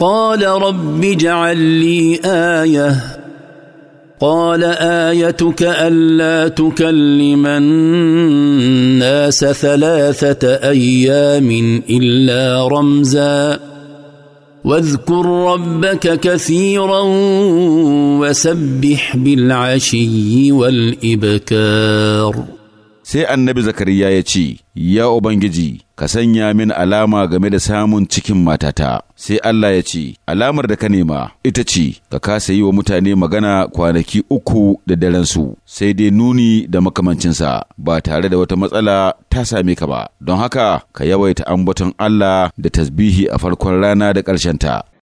قال رب اجعل لي ايه قال ايتك الا تكلم الناس ثلاثه ايام الا رمزا واذكر ربك كثيرا وسبح بالعشي والابكار sai annabi zakariya ya ce, Ya Ubangiji, ka sanya min alama game da samun cikin matata, sai Allah ya ce, Alamar da ka nema ita ce, ka kasa yi wa mutane magana kwanaki uku da su, sai dai nuni da makamancinsa ba tare da wata matsala ta same ka ba, don haka ka yawaita ambaton Allah da tasbihi a farkon rana da ƙarshenta.